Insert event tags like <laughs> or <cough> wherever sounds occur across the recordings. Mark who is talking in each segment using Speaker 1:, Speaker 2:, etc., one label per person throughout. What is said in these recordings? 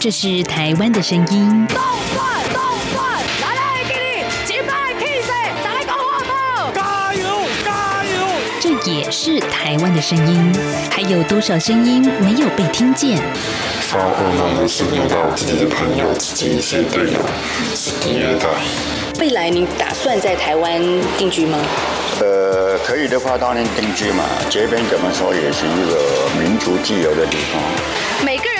Speaker 1: 這是台灣的聲音。來給你加油加油！這也是台灣的聲音。還有多少聲音沒有被聽見？
Speaker 2: 然後呢，到自己的朋友，這是對
Speaker 1: 未來你打算在台灣定居嗎？
Speaker 2: 呃，可以的話當然定居嘛。這邊怎麼說也是一個民族自由的地方。
Speaker 1: 每個人。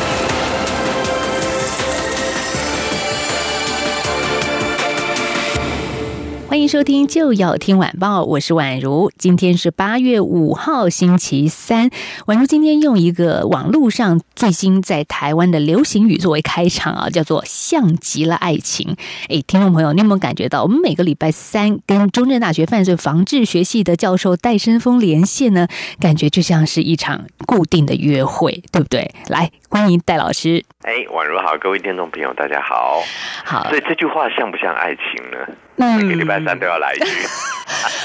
Speaker 1: 歡迎收聽就要聽晚報，我是婉如。今天是八月五號，星期三。婉如今天用一個網絡上最新在台灣的流行語作為開場啊，叫做“像極了愛情”。哎，聽眾朋友，你有沒有感覺到我們每個禮拜三跟中正大學犯罪防治學系的教授戴伸峰連線呢？感覺就像是一場固定的約會，對不對？來，歡迎戴老師。
Speaker 2: 哎，婉如好，各位聽眾朋友，大家好。好，所以這句話像不像愛情呢？每個禮拜三都要來
Speaker 1: 一句、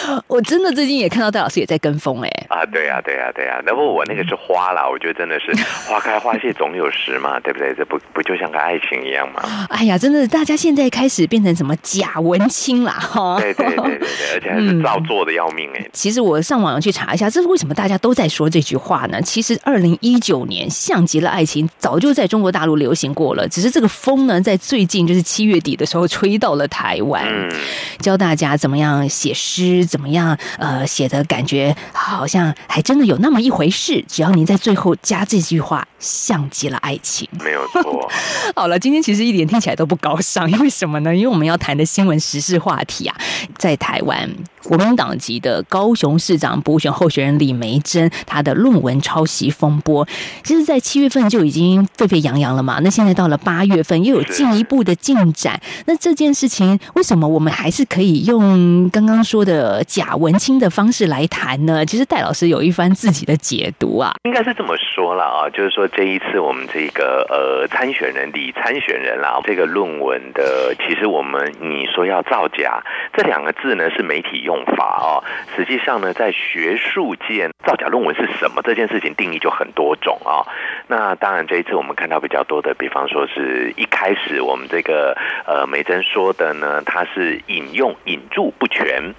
Speaker 1: 嗯，我真的最近也看到戴老師也在跟風哎、欸、
Speaker 2: 啊對呀、啊、對呀、啊、對呀、啊，那不過我那個是花啦，嗯、我覺得真的是花開花謝總有時嘛，對不對？這不不就像個愛情一樣嘛？
Speaker 1: 哎呀，真的，大家現在開始變成什麼假文青啦。哈？對對
Speaker 2: 對對對，而且還是照做的要命哎、欸嗯。
Speaker 1: 其實我上網去查一下，這是為什麼大家都在說這句話呢？其實二零一九年像極了愛情，早就在中國大陸流行過了，只是這個風呢，在最近就是七月底的時候吹到了台灣。嗯教大家怎麼樣寫詩，怎麼樣，呃，寫的感覺好像還真的有那麼一回事。只要您在最後加這句話，像極了愛情。沒有錯。 <laughs> 好了，今天其實一點聽起來都不高尚，因為什麼呢？因為我們要談的新聞時事話題啊，在台灣。國民黨籍的高雄市長補選候選人李眉蓁，他的論文抄襲風波，其實，在七月份就已經沸沸揚揚了嘛。那現在到了八月份，又有進一步的進展。是是那這件事情，為什麼我們還是可以用剛剛說的假文青的方式來談呢？其實戴老師有一番自己的解讀啊，
Speaker 2: 應該是這麼說了啊，就是說這一次我們這個呃參選人李參選人啦、啊，這個論文的，其實我們你說要造假這兩個字呢，是媒體用的。法啊，實際上呢，在學術界，造假論文是什麼這件事情定義就很多種啊、哦。那當然，這一次我們看到比較多的，比方說是一開始我們這個呃，眉蓁說的呢，它是引用引注不全。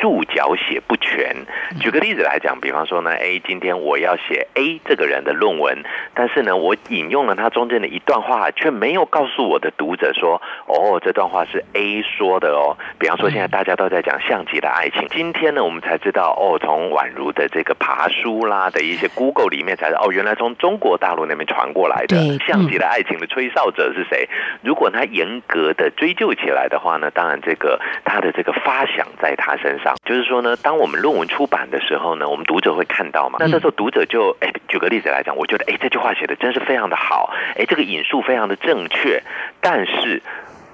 Speaker 2: 註腳寫不全。舉個例子來講，比方說呢，哎，今天我要寫 A 這個人的論文，但是呢，我引用了他中間的一段話，卻沒有告訴我的讀者說，哦，這段話是 A 說的哦。比方說，現在大家都在講《像極了愛情》。嗯，今天呢，我們才知道，哦，從宛如的這個爬書啦的一些 Google 裡面才知道，哦，原來從中國大陸那邊傳過來的《嗯、像極了愛情》的吹哨者是誰。如果他嚴格的追究起來的話呢，當然這個他的這個發想在他身上。就是說呢，當我們論文出版的時候呢，我們讀者會看到嘛。那這時候讀者就，哎，舉個例子來講，我覺得，哎，這句話寫的真是非常的好，哎，這個引述非常的正確。但是，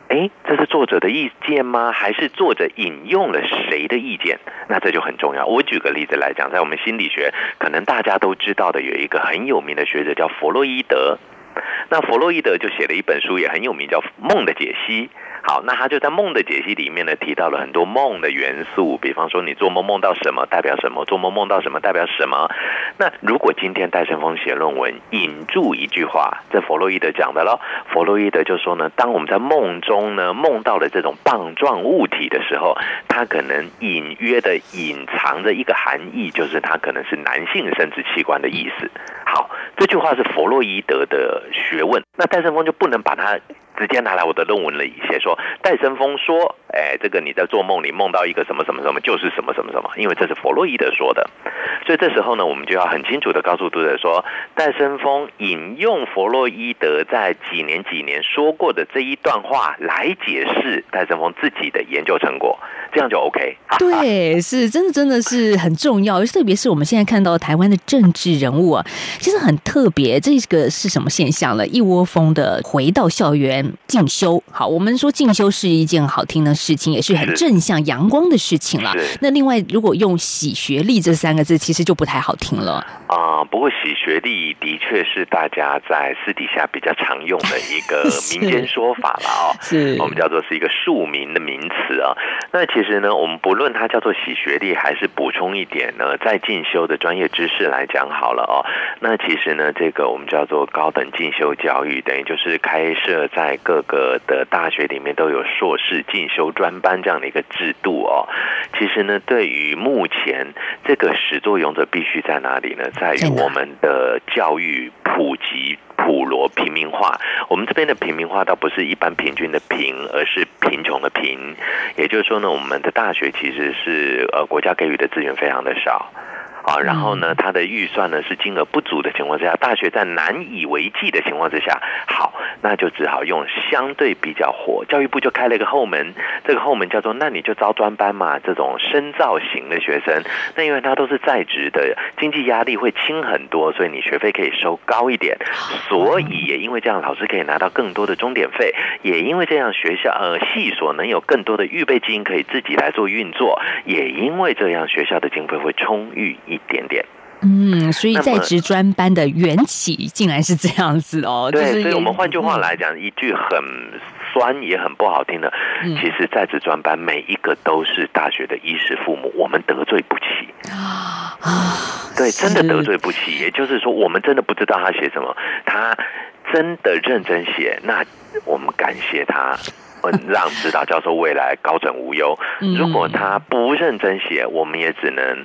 Speaker 2: 哎，這是作者的意見嗎？還是作者引用了誰的意見？那這就很重要。我舉個例子來講，在我們心理學，可能大家都知道的有一個很有名的學者叫弗洛伊德。那弗洛伊德就寫了一本書也很有名，叫《夢的解析》。好，那他就在夢的解析裡面呢，提到了很多夢的元素，比方說你做夢夢到什麼代表什麼，做夢夢到什麼代表什麼。那如果今天戴勝峰寫論文引注一句話，這弗洛伊德講的嘍，弗洛伊德就說呢，當我們在夢中呢夢到了這種棒狀物體的時候，它可能隱約的隱藏着一個含義，就是它可能是男性生殖器官的意思。好，這句話是弗洛伊德的學問，那戴勝峰就不能把它。直接拿來我的論文了一些，說戴森峰說，哎，這個你在做夢裡夢到一個什麼什麼什麼，就是什麼什麼什麼，因為這是弗洛伊德說的，所以這時候呢，我們就要很清楚的告訴讀者說，戴森峰引用弗洛伊德在幾年幾年說過的這一段話來解釋戴森峰自己的研究成果，這樣就 OK。哈哈。
Speaker 1: 對，是，真的，真的是很重要，特別是我們現在看到台灣的政治人物啊，其實很特別，這個是什麼現象呢？一窩蜂的回到校園。進修好，我們說進修是一件好聽的事情，也是很正向陽光的事情了。那另外，如果用“洗學歷”這三個字，其實就不太好聽了。
Speaker 2: 啊、呃，不過“洗學歷”的確是大家在私底下比較常用的一個民間說法了哦。 <laughs> 是，我們叫做是一個庶民的名詞啊、哦。那其實呢，我們不論它叫做“洗學歷”，還是補充一點呢，在進修的專業知識來講好了哦。那其實呢，這個我們叫做高等進修教育，等於就是開設在各個的大學裡面都有碩士進修專班這樣的一個制度哦。其實呢，對於目前這個始作俑者必須在哪裡呢？在於我們的教育普及、普羅平民化。我們這邊的平民化倒不是一般平均的平，而是貧窮的貧。也就是說呢，我們的大學其實是呃，國家給予的資源非常的少。啊，然後呢，他的預算呢是金額不足的情況之下，大學在難以為繼的情況之下，好，那就只好用相對比較火。教育部就開了一個後門，這個後門叫做那你就招專班嘛，這種深造型的學生，那因為他都是在職的，經濟壓力會輕很多，所以你學費可以收高一點。所以也因為這樣，老師可以拿到更多的鐘點費，也因為這樣，學校呃系所能有更多的預備金可以自己來做運作，也因為這樣，學校的經費會充裕。一點點，嗯，
Speaker 1: 所以在職專班的緣起竟然是這樣子哦。對，所以我們換句話
Speaker 2: 來講，一句很酸也很不好聽的，嗯，其實在職專班每一個都是大學的衣食父母，我們得罪不起啊，對，真的得罪不起。是也就是說，我們真的不知道他寫什麼，他真的認真寫，那我們感謝他，讓指導教授未來高枕無憂。嗯，如果他不認真寫，我們也只能。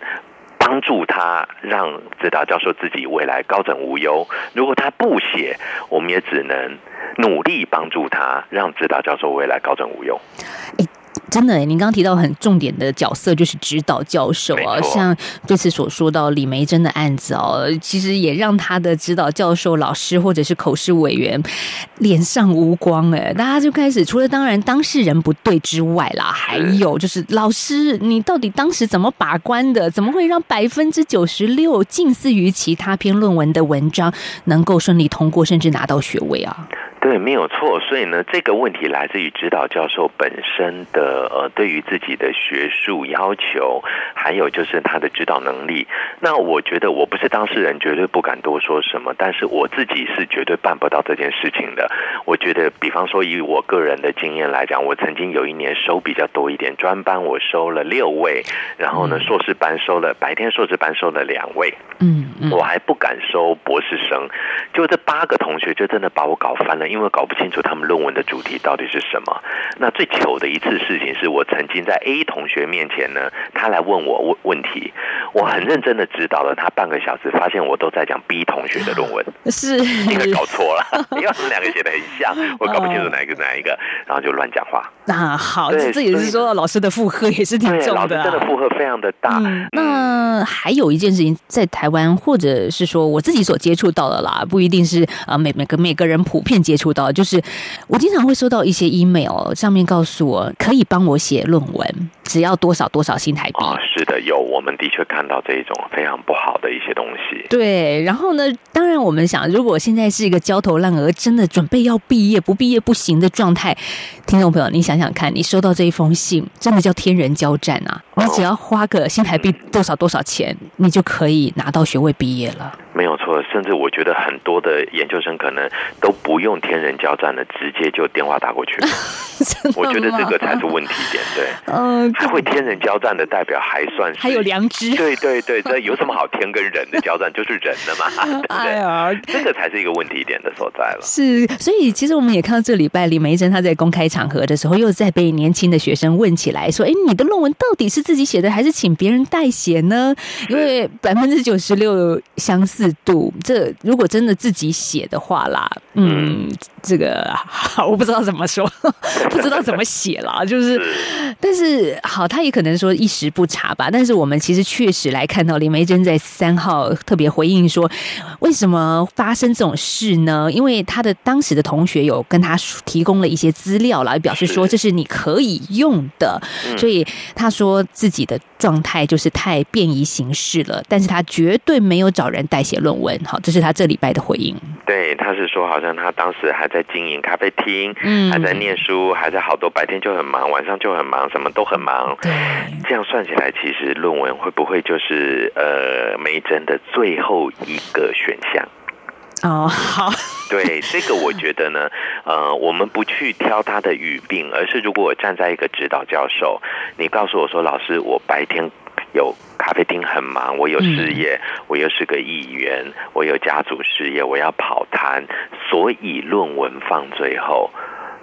Speaker 2: 幫助他，讓指導教授自己未來高枕無憂。如果他不寫，我們也只能努力幫助他，讓指導教授未來高枕無憂。
Speaker 1: 真的，您剛剛提到很重點的角色就是指導教授啊，錯像這次所說到李眉蓁的案子，哦、啊，其實也讓他的指導教授、老師或者是口試委員臉上無光誒，大家就開始，除了當然當事人不對之外啦，還有就是老師，你到底當時怎麼把關的？怎麼會讓百分之九十六近似於其他篇論文的文章能夠順利通過，甚至拿到學位啊？
Speaker 2: 對，沒有錯。所以呢，這個問題來自於指導教授本身的呃，對於自己的學術要求，還有就是他的指導能力。那我覺得我不是當事人，絕對不敢多說什麼。但是我自己是絕對辦不到這件事情的。我覺得，比方說以我個人的經驗來講，我曾經有一年收比較多一點，專班我收了六位，然後呢，碩士班收了白天碩士班收了兩位，嗯嗯，我還不敢收博士生。就這八個同學，就真的把我搞翻了。因為搞不清楚他們論文的主題到底是什麼。那最糗的一次事情是我曾經在 A 同學面前呢，他來問我問問題，我很認真的指導了他半個小時，發現我都在講 B 同學的論文，是，你可搞錯了， <laughs> 因為這兩個寫的很像，我搞不清楚哪一個哪一個，呃、然後就亂講話。
Speaker 1: 那好，對這也是說老師的負荷也是挺重的，啊，老師真的負
Speaker 2: 荷非常的大。嗯、
Speaker 1: 那、嗯、還有一件事情，在台灣或者是說我自己所接觸到的啦，不一定是啊每每個每個人普遍接觸。出道，就是我經常會收到一些 email，上面告訴我，可以幫我寫論文，只要多少多少新台幣。哦，
Speaker 2: 是的，有我們的確看到這一種非常不好的一些東西。
Speaker 1: 對，然後呢，當然我們想，如果現在是一個焦頭爛額，真的準備要畢業不畢業不行的狀態，聽眾朋友，你想想看，你收到這一封信，真的叫天人交戰啊！你，哦，只要花個新台幣多少多少錢，嗯，你就可以拿到學位畢業了，
Speaker 2: 沒有。甚至我覺得很多的研究生可能都不用天人交戰了，直接就電話打過去了
Speaker 1: <laughs> 嗎。我覺得這個才是問題點，對？嗯，會天
Speaker 2: 人交戰的代表還算是還有良知，對對對，這有什麼好天跟人的交戰？就是人的嘛， <laughs> 對不對，對？這個才是一個問題點的所在了。
Speaker 1: 是，所以其實我們也看到這禮拜李眉蓁他在公開場合的時候，又在被年輕的學生問起來說：“哎、欸，你的論文到底是自己寫的還是請別人代寫呢？”因為百分之九十六相似度。這如果真的自己寫的話啦，嗯，這個好，我不知道怎麼說，不知道怎麼寫啦，就是，但是好，他也可能說一時不查吧。但是我們其實確實來看到李眉蓁在三號特別回應說，為什麼發生這種事呢？因為他的當時的同學有跟他提供了一些資料了，表示說這是你可以用的，所以他說自己的狀態就是太便宜行事了，但是他絕對沒有找人代寫論文。好，這是他這禮拜的回應。
Speaker 2: 對，他是說好像他當時還在經營咖啡廳，嗯、還在念書，還在好多，白天就很忙，晚上就很忙，什麼都很忙。對，這樣算起來，其實論文會不會就是呃眉蓁的最後一個選項？
Speaker 1: 哦，oh, 好。
Speaker 2: <laughs> 對這個，我覺得呢，呃，我們不去挑他的語病，而是如果我站在一個指導教授，你告訴我說，老師，我白天有咖啡廳很忙，我有事業，嗯、我又是個議員，我有家族事業，我要跑攤，所以論文放最後，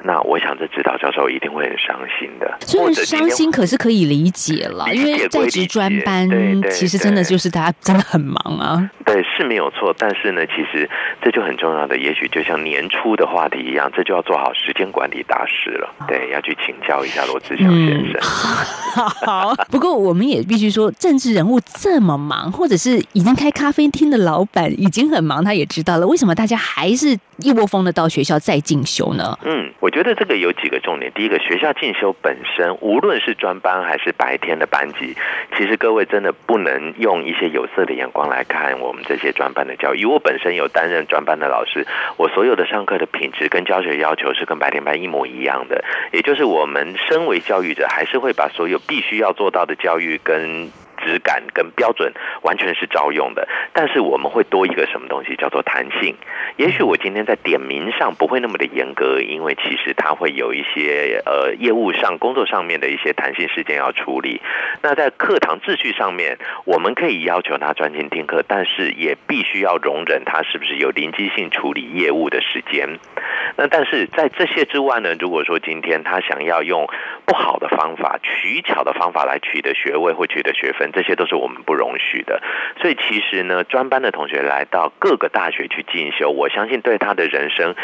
Speaker 2: 那我想這指導教授一定會很傷心的。雖然傷心，
Speaker 1: 可是可以理解了，解解因為在職專班對對對，其實真的就是大家真的很忙啊。
Speaker 2: 對，是沒有錯，但是呢，其實這就很重要的，也許就像年初的話題一樣，這就要做好時間管理大師了。哦、對，要去請教一下羅志祥先
Speaker 1: 生。嗯、好，好好 <laughs> 不過我們也必須說，政治人物這麼忙，或者是已經開咖啡廳的老闆已經很忙，他也知道了，為什麼大家還是一窩蜂的到學校再進修呢？
Speaker 2: 嗯，我覺得這個有幾個重點。第一個，學校進修本身，無論是專班還是白天的班級，其實各位真的不能用一些有色的眼光來看我們。這些專班的教育，因為我本身有擔任專班的老師，我所有的上課的品質跟教學要求是跟白天班一模一樣的，也就是我們身為教育者，還是會把所有必須要做到的教育跟。質感跟標準完全是照用的，但是我們會多一個什麼東西叫做彈性。也許我今天在點名上不會那麼的嚴格，因為其實他會有一些呃業務上工作上面的一些彈性時間要處理。那在課堂秩序上面，我們可以要求他專心聽課，但是也必須要容忍他是不是有臨機性處理業務的時間。那但是在這些之外呢，如果說今天他想要用不好的方法、取巧的方法來取得學位或取得學分。這些都是我們不容許的，所以其實呢，專班的同學來到各個大學去進修，我相信對他的人生。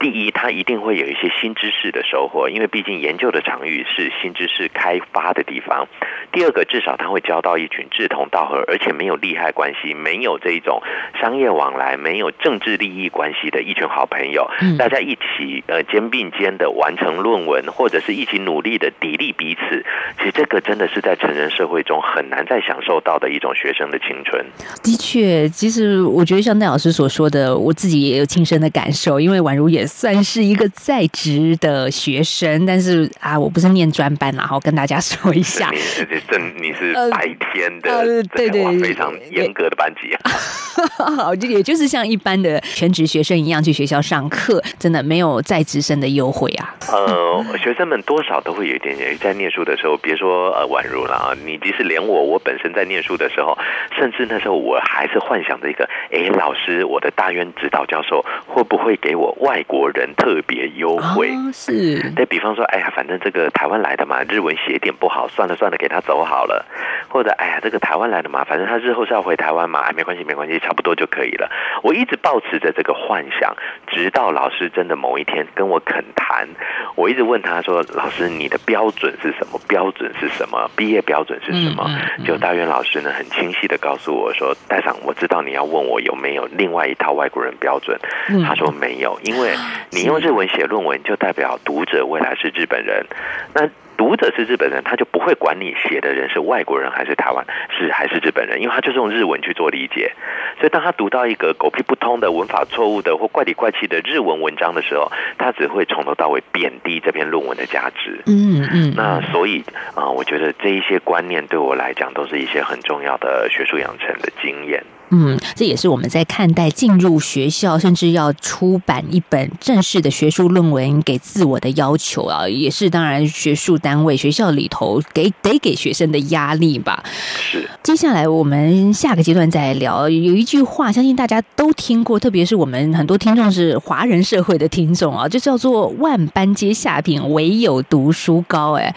Speaker 2: 第一，他一定會有一些新知識的收穫，因為畢竟研究的場域是新知識開發的地方。第二個，至少他會交到一群志同道合，而且沒有利害關係、沒有這一種商業往來、沒有政治利益關係的一群好朋友，大家一起呃肩並肩的完成論文，或者是一起努力的砥礪彼此。其實這個真的是在成人社會中很難再享受到的一種學生的青春。
Speaker 1: 嗯，的確，其實我覺得像戴老師所說的，我自己也有親身的感受，因為宛如也算是一個在職的學生，但是啊，我不是念專班，然後跟大家說一下，你
Speaker 2: 是正，你是白天的，呃呃、對，對，對，對對對，非常嚴格的班級啊，
Speaker 1: 好，就也就是像一般的全職學生一樣去學校上課，真的沒有在職生的優惠啊。
Speaker 2: <laughs> 呃，學生們多少都會有一點點，在念書的時候，別說呃，宛如了啊，你即使連我，我本身在念書的時候，甚至那時候我還是幻想着一個，哎，老師，我的大院指導教授會不會給我外國。國人特別優惠，哦、是、嗯、再比方說，哎呀，反正這個台灣來的嘛，日文寫一點不好，算了算了，給他走好了。或者，哎呀，這個台灣來的嘛，反正他日後是要回台灣嘛，哎、啊，沒關係沒關係，差不多就可以了。我一直抱持着這個幻想，直到老師真的某一天跟我懇談。我一直問他說：“老師，你的標準是什麼？標準是什麼？畢業標準是什麼？”就、嗯嗯嗯、大元老師呢，很清晰地告訴我說：“戴上我知道你要問我有沒有另外一套外國人標準。嗯嗯”他說：“沒有，因為。”你用日文寫論文，就代表讀者未來是日本人。那讀者是日本人，他就不會管你寫的人是外國人還是台灣，是還是日本人，因為他就是用日文去做理解。所以當他讀到一個狗屁不通的文法錯誤的或怪裡怪氣的日文文章的時候，他只會從頭到尾貶低這篇論文的價值。嗯嗯。嗯，那所以啊，呃，我覺得這一些觀念對我來講，都是一些很重要的學術養成的經驗。
Speaker 1: 嗯，這也是我們在看待進入學校，甚至要出版一本正式的學術論文給自我的要求啊，也是當然學術單位學校裡頭給得給學生的壓力吧。是接下來我們下個階段再聊。有一句話，相信大家都聽過，特別是我們很多聽眾是華人社會的聽眾啊，就叫做“萬般皆下品，唯有讀書高”。哎，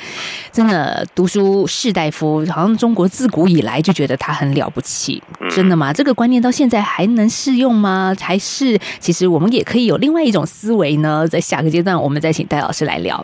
Speaker 1: 真的讀書士大夫，好像中國自古以來就覺得他很了不起，真的嗎？嗯這個觀念到現在還能適用嗎？還是其實我們也可以有另外一種思維呢？在下個階段，我們再請戴老師來聊。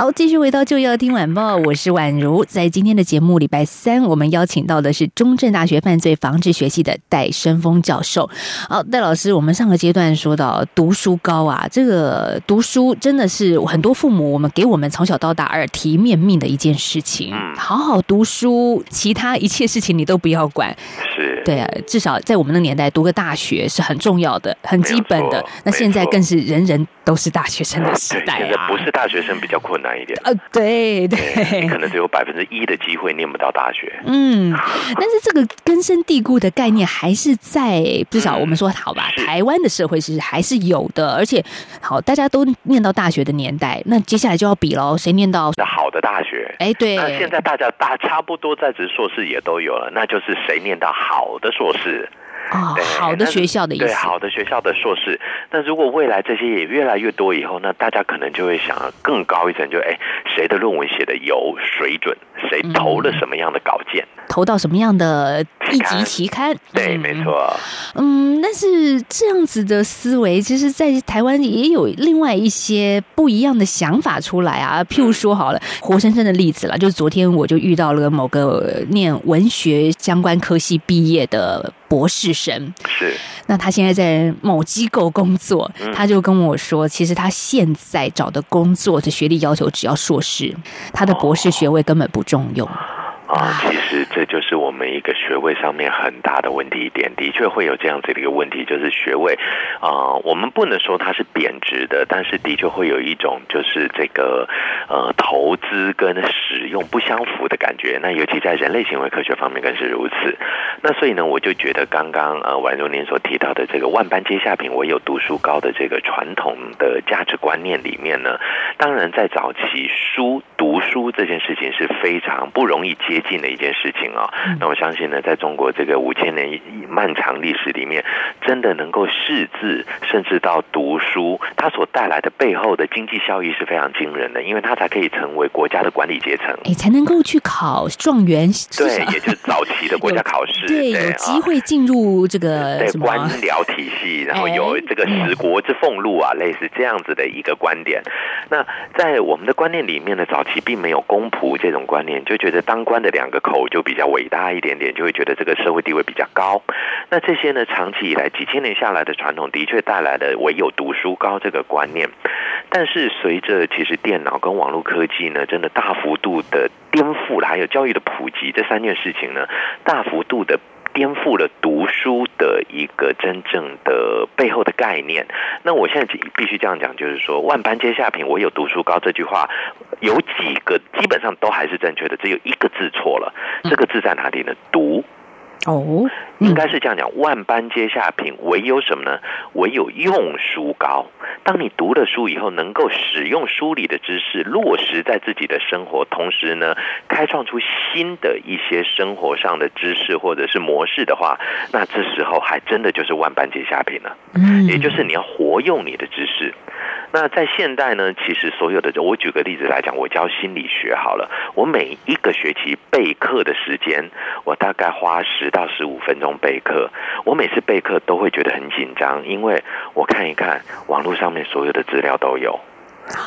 Speaker 1: 好，繼續回到《就要聽晚報》，我是宛如。在今天的節目，禮拜三，我們邀請到的是中正大學犯罪防治學系的戴伸峰教授。好、哦，戴老師，我們上個階段說到讀書高啊，這個讀書真的是很多父母我們給我們從小到大耳提面命的一件事情。嗯、好好讀書，其他一切事情你都不要管。是，對啊，至少在我們的年代，讀個大學是很重要的，很基本的。那現在更是人人都是大學生的時代、啊啊、現在
Speaker 2: 不是大學生比較困難。慢一點，呃、啊，對對，你、欸，可能只有百分之一的機會念不到大學。
Speaker 1: 嗯，但是這個根深蒂固的概念還是在，至少我們說好吧，嗯、台灣的社會其實還是有的。而且，好，大家都念到大學的年代，那接下來就要比嘍，誰
Speaker 2: 念到好的大學？哎，對，那現在大家大差不多在職碩士也都有了，那就是誰念到好的碩士。啊對、哦，好的學校的意思對，對，好的學校的碩士。但如果未來這些也越來越多以後，那大家可能就會想要更高一層，就誒，誰的論文寫的有水準？誰投了什麼樣的稿件？
Speaker 1: 嗯、投到什麼樣的一級期刊？
Speaker 2: 嗯、對，沒
Speaker 1: 錯。嗯，但是這樣子的思維，其實，在台灣也有另外一些不一樣的想法出來啊。譬如說，好了，嗯、活生生的例子啦，就是昨天我就遇到了某個念文學相關科系畢業的博士生。是。那他現在在某機構工作，嗯、他就跟我說，其實他現在找的工作的學歷要求只要碩士，哦、他的博士學位根本不重用。
Speaker 2: 啊，其實這就是我們一個學位上面很大的問題點，的確會有這樣子的一個問題，就是學位啊、呃，我們不能說它是貶值的，但是的確會有一種就是這個呃投資跟使用不相符的感覺。那尤其在人類行為科學方面更是如此。那所以呢，我就覺得剛剛呃婉如您所提到的這個萬般皆下品，唯有讀書高的這個傳統的價值觀念裡面呢，當然在早期書讀書這件事情是非常不容易接。最近的一件事情啊、哦，那我相信呢，在中國這個五千年以漫長歷史裡面，真的能夠識字，甚至到讀書，它所帶來的背後的經濟效益是非常驚人的，因為它才可以成為國家的管理階層，你、
Speaker 1: 哎、才能夠去考狀元，對，也就
Speaker 2: 是早期的國家考試，對，對有機
Speaker 1: 會進入這個什麼、對官
Speaker 2: 僚體系，然後有這個食國之俸祿啊，哎、類似這樣子的一個觀點。哎、那在我們的觀念裡面呢，早期並沒有公僕這種觀念，就覺得當官的。兩個口就比較偉大一點點，就會覺得這個社會地位比較高。那這些呢，長期以來幾千年下來的傳統，的確帶來了唯有讀書高這個觀念。但是隨着其實電腦跟網絡科技呢，真的大幅度的顛覆了，還有教育的普及，這三件事情呢，大幅度的。顛覆了讀書的一個真正的背後的概念。那我現在必須這樣講，就是說，萬般皆下品，唯有讀書高這句話，有幾個基本上都還是正確的，只有一個字錯了。這個字在哪裡呢？讀。哦，應該是這樣講，萬般皆下品，唯有什麼呢？唯有用書高。當你讀了書以後，能夠使用書裡的知識落實在自己的生活，同時呢，開創出新的一些生活上的知識或者是模式的話，那這時候還真的就是萬般皆下品了。嗯，也就是你要活用你的知識。那在現代呢，其實所有的，我舉個例子來講，我教心理學好了，我每一個學期備課的時間，我大概花十到十五分鐘備課，我每次備課都會覺得很緊張，因為我看一看網絡上面所有的資料都有。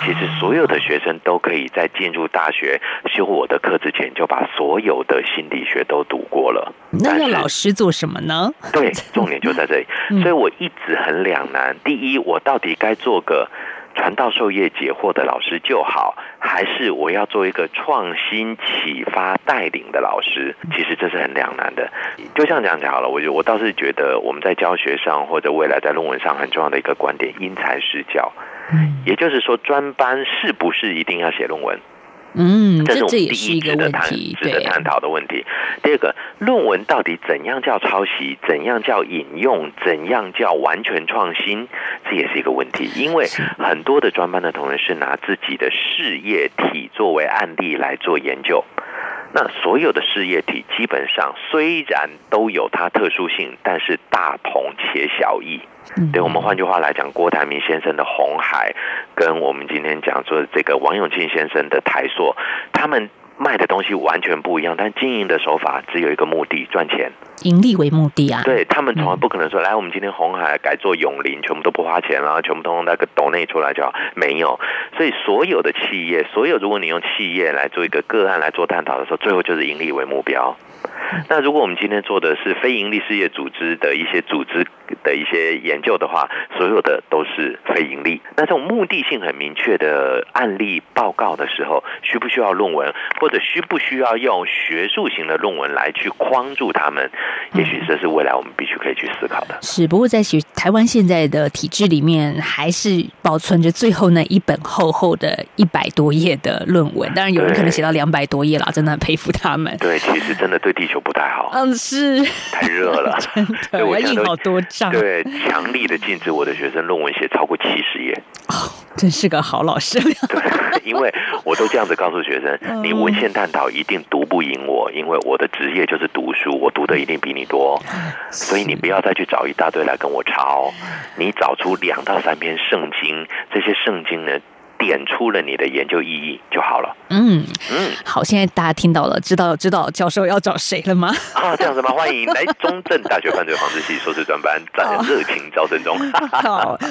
Speaker 2: 其實所有的學生都可以在進入大學修我的課之前就把所有的心理學都讀過了。
Speaker 1: 那要老師做什麼呢？
Speaker 2: 對，重點就在這裡，所以我一直很兩難。第一，我到底該做個。傳道授業解惑的老師就好，還是我要做一個創新啟發帶領的老師？其實這是很兩難的。就像這樣講好了，我就我倒是覺得我們在教學上或者未來在論文上很重要的一個觀點，因材施教。嗯，也就是說，專班是不是一定要寫論文？嗯，這是我們第一，這也是一個問題，值得探，值得探討的問題。對第二個，論文到底怎樣叫抄襲，怎樣叫引用，怎樣叫完全創新，這也是一個問題。因為很多的專班的同仁是拿自己的事業體作為案例來做研究，那所有的事業體基本上雖然都有它特殊性，但是大同且小異。嗯、對，我們換句話來講，郭台銘先生的鴻海，跟我們今天講說這個王永慶先生的台塑，他們賣的東西完全不一樣，但經營的手法只有一個目的，賺錢，
Speaker 1: 盈利為目的啊。對，
Speaker 2: 他們從來不可能說，嗯、來我們今天鴻海改做永齡全部都不花錢，然後全部都從那個斗內出來就好，就沒有。所以所有的企業，所有如果你用企業來做一個個案來做探討的時候，最後就是盈利為目標。 <noise> 那如果我們今天做的是非盈利事業組織的一些組織的一些研究的話，所有的都是非盈利。那這種目的性很明確的案例報告的時候，需不需要論文，或者需不需要用學術型的論文來去框住他們？也許這是未來我們必須可以去思考的。
Speaker 1: 只、嗯、不過在台灣現在的體制裡面，還是保存着最後那一本厚厚的一百多頁的論文。當然，有人可能寫到兩百多頁了，對真的很佩服他們。
Speaker 2: 對，其實真的對地。就不太好，嗯，是太熱了。的對，我要印好多張。對，強力的禁止我的學生論文寫超過七十頁。哦，
Speaker 1: 真是個好老師。對，
Speaker 2: 因為我都這樣子告訴學生，嗯，你文獻探討一定讀不贏我，因為我的職業就是讀書，我讀的一定比你多，所以你不要再去找一大堆來跟我抄。你找出兩到三篇聖經，這些聖經呢，點出了你的研究意義就好了。嗯嗯，
Speaker 1: 好，現在大家聽到了，知道知道教授要找誰了嗎？
Speaker 2: 啊，這樣子嗎？ <laughs> 歡迎來中正大學犯罪防治系碩士專班，在熱好情招生中。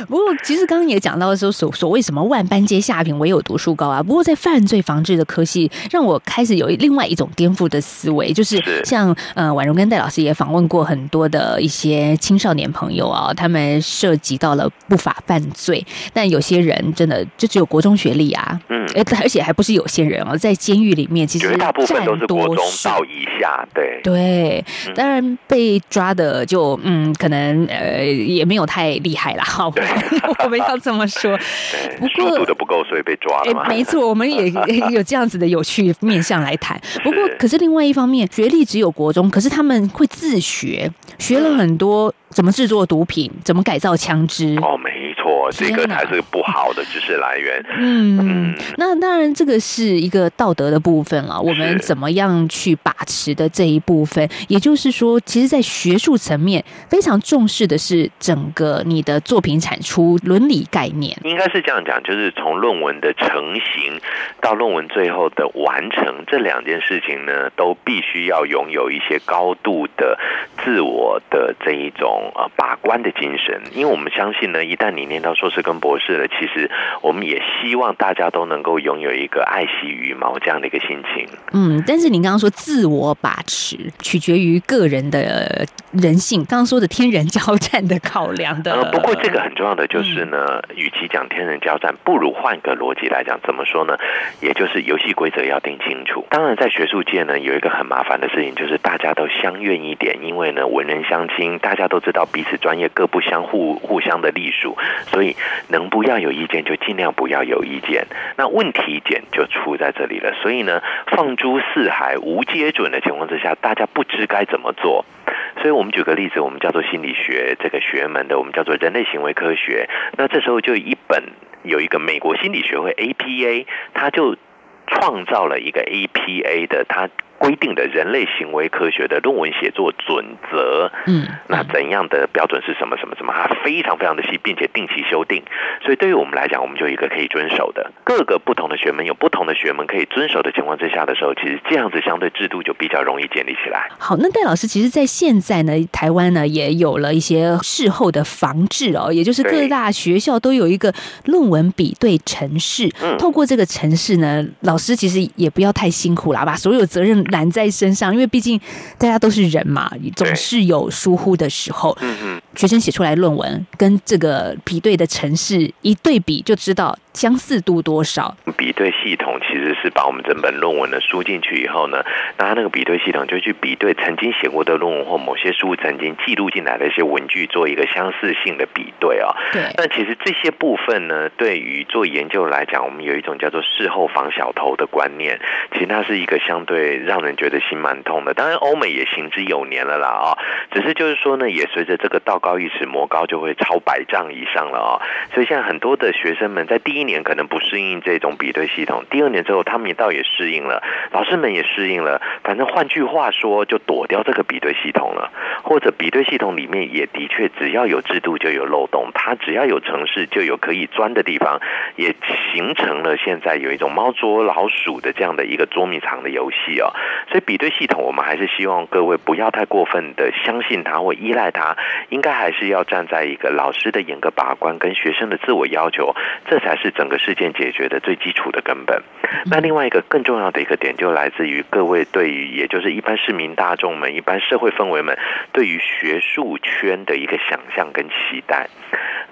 Speaker 1: 不過其實剛剛也講到的時候，所所謂什麼萬般皆下品，唯有讀書高啊。不過在犯罪防治的科系，讓我開始有另外一種顛覆的思維，就是像是呃婉容跟戴老師也訪問過很多的一些青少年朋友啊，他們涉及到了不法犯罪，但有些人真的就只有國。國中學歷啊，嗯、欸，而且，還不是有些人哦、喔，在監獄裡面，其實大部分都是國
Speaker 2: 中到以下，對
Speaker 1: 對。當然、嗯、被抓的就，嗯，可能呃，也沒有太厲害了，好，
Speaker 2: 對 <laughs> 我們要這麼說。對不過，讀的不夠，所以被抓了嘛。欸、沒錯，我們也有這
Speaker 1: 樣子的有趣面向來談。 <laughs> 是不過，可是另外一方面，學歷只有國中，可是他們會自學，學了很多怎麼制作毒品，嗯、怎麼改造槍支。哦
Speaker 2: 這個才是一個不好的知識來源。
Speaker 1: 哪嗯，嗯，那當然，這個是一個道德的部分啊，是我們怎麼樣去把持的這一部分？也就是說，其實，在學術層面非常重視的是整個你的作品產出倫理概念。
Speaker 2: 應該是這樣講，就是從論文的成型到論文最後的完成，這兩件事情呢，都必須要擁有一些高度的自我的這一種呃、啊、把關的精神。因為我們相信呢，一旦你念到。碩士跟博士的，其實我們也希望大家都能夠擁有一個愛惜羽毛這樣的一個心情。
Speaker 1: 嗯，但是您剛剛說自我把持，取決於個人的人性。剛剛說的天人交戰的考量
Speaker 2: 的。嗯、不過這個很重要的就是呢，嗯、與其講天人交戰，不如換個邏輯來講，怎麼說呢？也就是遊戲規則要定清楚。當然，在學術界呢，有一個很麻煩的事情，就是大家都相怨一點，因為呢，文人相輕，大家都知道彼此專業各不相互，互相的隸屬。所以所以能不要有意見就儘量不要有意見。那問題點就出在這裡了。所以呢，放諸四海無皆準的情況之下，大家不知該怎麼做。所以我們舉個例子，我們叫做心理學這個學門的，我們叫做人類行為科學。那這時候就一本有一個美國心理學會 APA，他就創造了一個 APA 的他。規定的人類行為科學的論文寫作準則，嗯，那怎樣的標準是什麼？什麼什麼？它非常非常的細，並且定期修訂。所以對於我們來講，我們就一個可以遵守的。各個不同的學門有不同的學門可以遵守的情況之下的時候，其實這樣子相對制度就比較容易建立起來。
Speaker 1: 好，那戴老師，其實在現在呢，台灣呢，也有了一些事後的防治哦，也就是各大學校都有一個論文比對程式，嗯，透過這個程式呢，老師其實也不要太辛苦啦，把所有責任。攔在身上，因為畢竟大家都是人嘛，你總是有疏忽的時候。嗯、哼學生寫出來論文跟這個比對的程式一對比，就知道。相似度多少？
Speaker 2: 比對系統其實是把我們整本論文呢輸進去以後呢，那他那個比對系統就去比對曾經寫過的論文或某些書曾經記錄進來的一些文句，做一個相似性的比對啊、哦。對。但其實這些部分呢，對於做研究來講，我們有一種叫做事後防小偷的觀念，其實它是一個相對讓人覺得心蠻痛的。當然，歐美也行之有年了啦啊、哦，只是就是說呢，也隨着這個道高一尺，魔高就會超百丈以上了啊、哦。所以現在很多的學生們在第一。一年可能不適應這種比對系統，第二年之後他們也倒也適應了，老師們也適應了，反正換句話說就躲掉這個比對系統了，或者比對系統裡面也的確只要有制度就有漏洞，它只要有城市就有可以鑽的地方，也形成了現在有一種貓捉老鼠的這樣的一個捉迷藏的遊戲哦。所以比對系統，我們還是希望各位不要太過分的相信它或依賴它，應該還是要站在一個老師的嚴格把關跟學生的自我要求，這才是。整個事件解決的最基礎的根本，那另外一個更重要的一個點，就來自於各位對於，也就是一般市民大眾們、一般社會氛圍們對於學術圈的一個想象跟期待。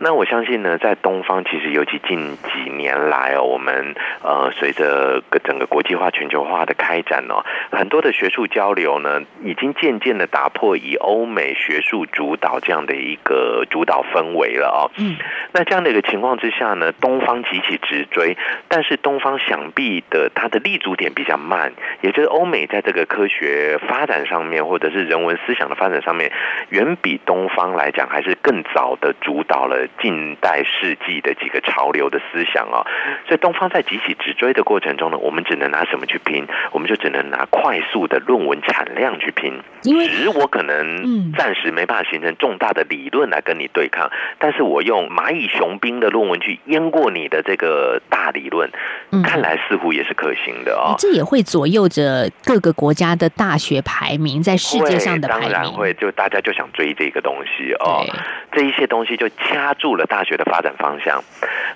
Speaker 2: 那我相信呢，在東方，其實尤其近幾年來哦，我們呃，隨着整個國際化、全球化的開展哦，很多的學術交流呢，已經漸漸的打破以歐美學術主導這樣的一個主導氛圍了哦。嗯，那這樣的一個情況之下呢，東方。急起直追，但是東方想必的它的立足點比較慢，也就是歐美在這個科學發展上面，或者是人文思想的發展上面，遠比東方來講還是更早的主導了近代世紀的幾個潮流的思想啊、哦。所以東方在急起直追的過程中呢，我們只能拿什麼去拼？我們就只能拿快速的論文產量去拼。因只我可能暫時沒辦法形成重大的理論來跟你對抗，但是我用螞蟻雄兵的論文去淹過你的。這個大理論，嗯、哼看來似乎也是可行的哦。這也
Speaker 1: 會左右着各個國家的大學排名，在世界上的排名。當然
Speaker 2: 會，就大家就想追這個東西哦。對這一些東西就掐住了大學的發展方向。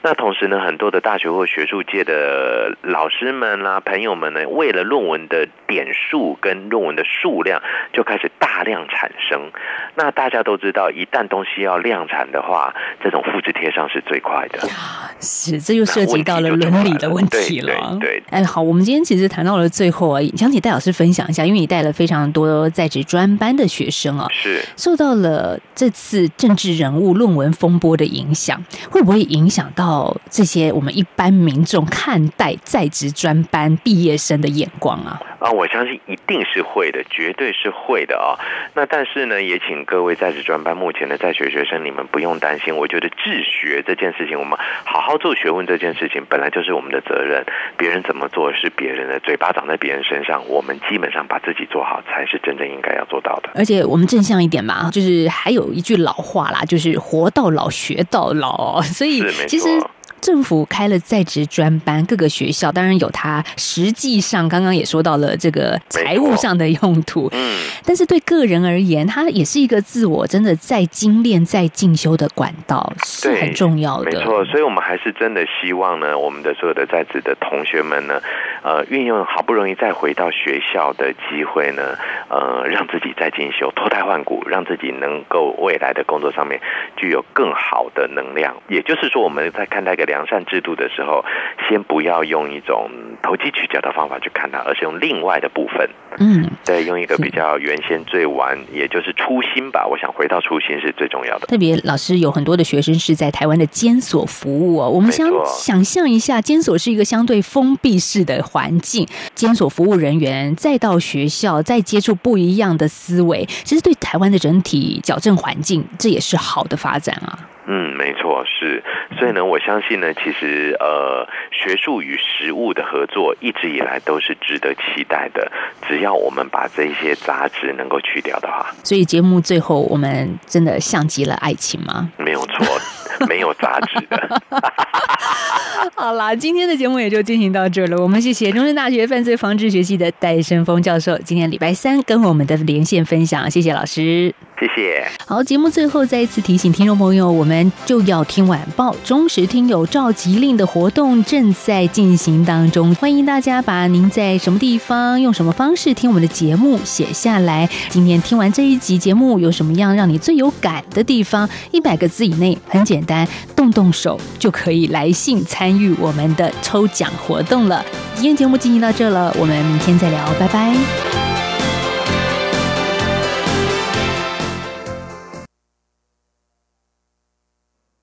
Speaker 2: 那同時呢，很多的大學或學術界的老師們啦、啊、朋友們呢，為了論文的點數跟論文的數量，就開始大量產生。那大家都知道，一旦東西要量產的話，這種複制貼上是最快的。
Speaker 1: 這又涉及到了倫理的問題了。題了，對，對，對，哎，好，我們今天其實談到了最後啊，想請戴老師分享一下，因為你帶了非常多在職專班的學生啊，是受到了這次政治人物論文風波的影響，會不會影響到這些我們一般民眾看待在職專班畢業生的眼光啊？
Speaker 2: 啊，我相信一定是會的，絕對是會的啊、哦！那但是呢，也請各位在職專班目前的在學學生，你們不用擔心。我覺得治學這件事情，我們好好做學問這件事情，本來就是我們的責任。別人怎麼做是別人的，嘴巴長在別人身上，我們基本上把自己做好，才是真正應該要做到的。而且
Speaker 1: 我們正向一點嘛，就是還有一句老話啦，就是“活到老，學到老”。所以其實。政府開了在職專班，各個學校當然有它，實際上，剛剛也說到了這個財務上的用途。嗯，但是對個人而言，它也是一個自我真的再精煉、再進修的管道，是很重要的。沒
Speaker 2: 錯，所以我們還是真的希望呢，我們的所有的在職的同學們呢，呃，運用好不容易再回到學校的機會呢，呃，讓自己再進修、脫胎換骨，讓自己能夠未來的工作上面具有更好的能量。也就是說，我們在看待一個良善制度的時候，先不要用一種投機取巧的方法去看它，而是用另外的部分。嗯，對，用一個比較原先最完，是也就是初心吧。我想回到初心是最重要的。特
Speaker 1: 別老師有很多的學生是在台灣的監所服務哦，我們想錯想象一下，監所是一個相對封閉式的環境，監所服務人員再到學校，再接觸不一樣的思維，其實對台灣的整體矯正環境，這也是好的發展啊。
Speaker 2: 嗯，沒錯，是。所以呢，我相信呢，其實呃，學術與實務的合作一直以來都是值得期待的。只要我們把這些雜質能夠去掉的話，
Speaker 1: 所以節目最後我們真的像極了愛情嗎？
Speaker 2: 沒有錯， <laughs> 沒有雜質的
Speaker 1: <laughs> <laughs> 好啦，今天的節目也就進行到這了。我們謝謝中山大學犯罪防治學系的戴生峰教授，今天禮拜三跟我們的連線分享，謝謝老師。謝謝。好，節目最後再一次提醒聽眾朋友，我們就要聽晚報忠實聽友召集令的活動正在進行當中，歡迎大家把您在什麼地方用什麼方式聽我們的節目寫下來。今天聽完這一集節目，有什麼樣讓你最有感的地方？一百個字以內，很簡單，動動手就可以來信參與我們的抽獎活動了。今天節目進行到這了，我們明天再聊，拜拜。